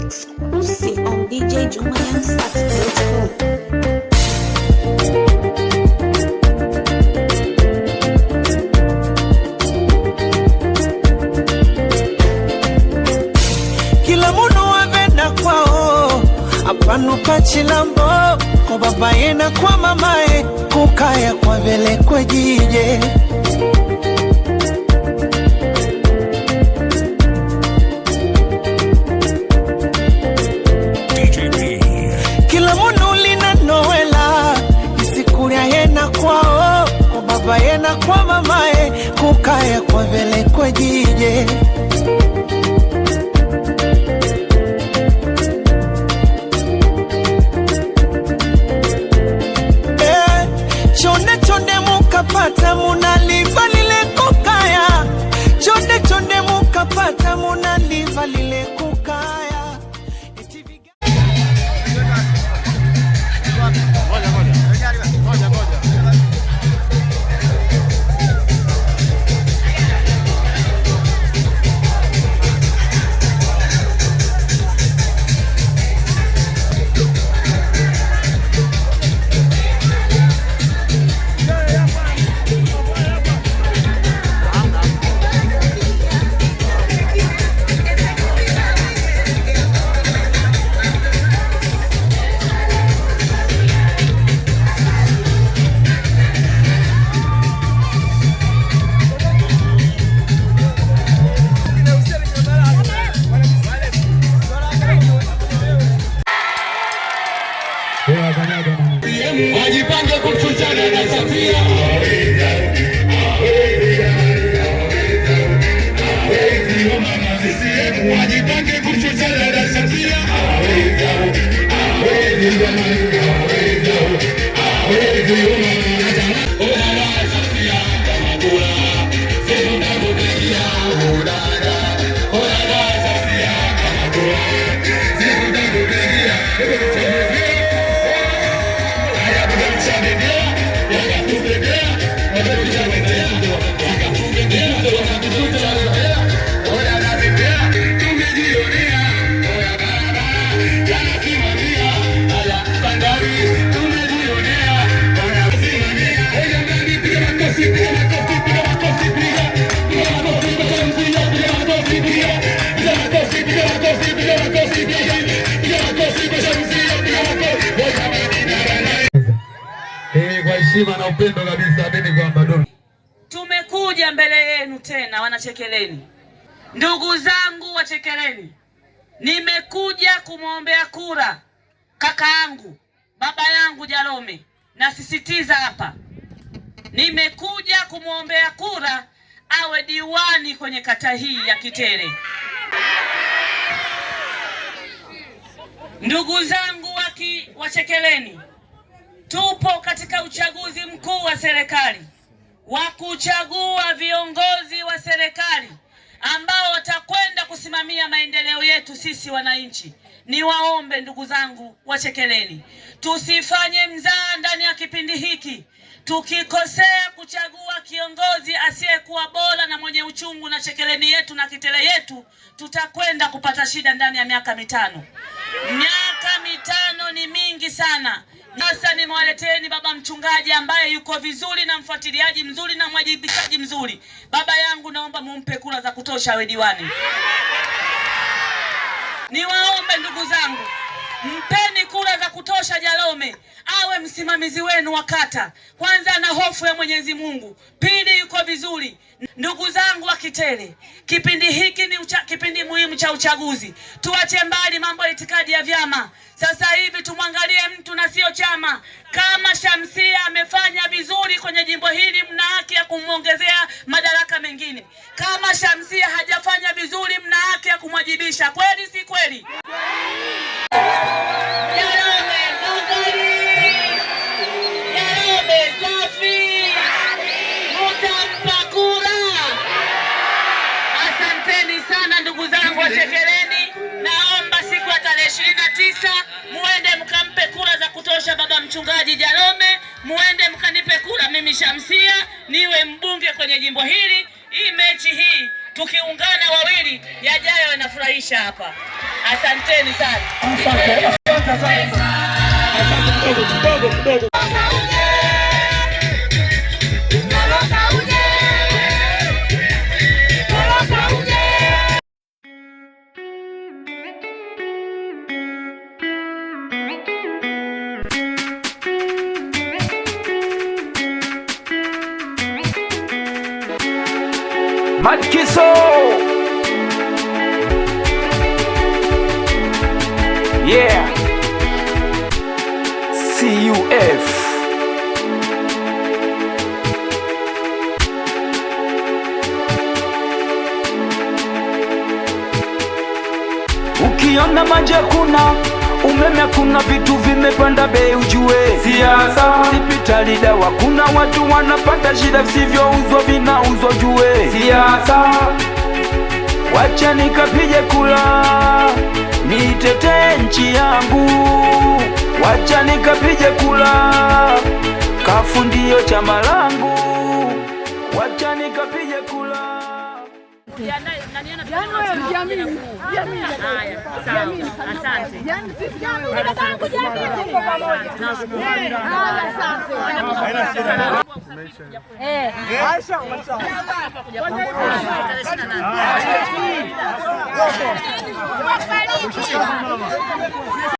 exclusive on DJ Jumayan Stats.com. panu chilambo ko babaye na kwa mamaye kukaya kwa vele kwa jije kwa mamae kukaya kwa vile kwa jii wajipange kuchuchana na Safia. Wajipange kuchuchana na Safia. kwa heshima na upendo kabisa amini kwamba Tumekuja mbele yenu tena wanachekeleni. Ndugu zangu wachekeleni. Nimekuja kumwombea kura kaka yangu, baba yangu Jalome. Nasisitiza hapa. Nimekuja kumwombea kura awe diwani kwenye kata hii ya Kitere. Ndugu zangu waki wachekeleni Tupo katika uchaguzi mkuu wa serikali wa kuchagua viongozi wa serikali ambao watakwenda kusimamia maendeleo yetu sisi wananchi. Niwaombe ndugu zangu Wachekeleni, tusifanye mzaa ndani ya kipindi hiki. Tukikosea kuchagua kiongozi asiyekuwa bora na mwenye uchungu na Chekeleni yetu na Kitele yetu, tutakwenda kupata shida ndani ya miaka mitano. Miaka mitano ni mingi sana. Sasa nimewaleteni baba mchungaji ambaye yuko vizuri na mfuatiliaji mzuri na mwajibikaji mzuri. Baba yangu, naomba mumpe kura za kutosha we diwani. Niwaombe ndugu zangu Mpeni kura za kutosha Jalome awe msimamizi wenu wa kata. Kwanza na hofu ya Mwenyezi Mungu, pili yuko vizuri. Ndugu zangu wa Kitele, kipindi hiki ni ucha, kipindi muhimu cha uchaguzi. Tuache mbali mambo ya itikadi ya vyama. Sasa hivi tumwangalie mtu na sio chama. Kama Shamsia amefanya vizuri kwenye jimbo hili, mna haki ya kumwongezea madaraka mengine. Kama Shamsia hajafanya vizuri, mna haki ya kumwajibisha. Kweli si kweli? kwa Naomba siku ya tarehe ishirini na tisa muende mkampe kura za kutosha baba mchungaji Jalome, muende mkanipe kura mimi Shamsia niwe mbunge kwenye jimbo hili. Hii mechi hii tukiungana wawili, yajayo yanafurahisha hapa. Asanteni sana. Matkiso Yeah CUF Ukiona maji hakuna, umeme hakuna, vitu vimepanda bei, ujue siasa, hospitali, dawa, kuna watu wanapata shida, visivyouzwa vinauzwa, jue sasa, wacha nikapige kula, nitetee nchi yangu, wacha nikapige kula, kafundio cha chama langu, wacha nikapige kula. Yaani asante. Yaani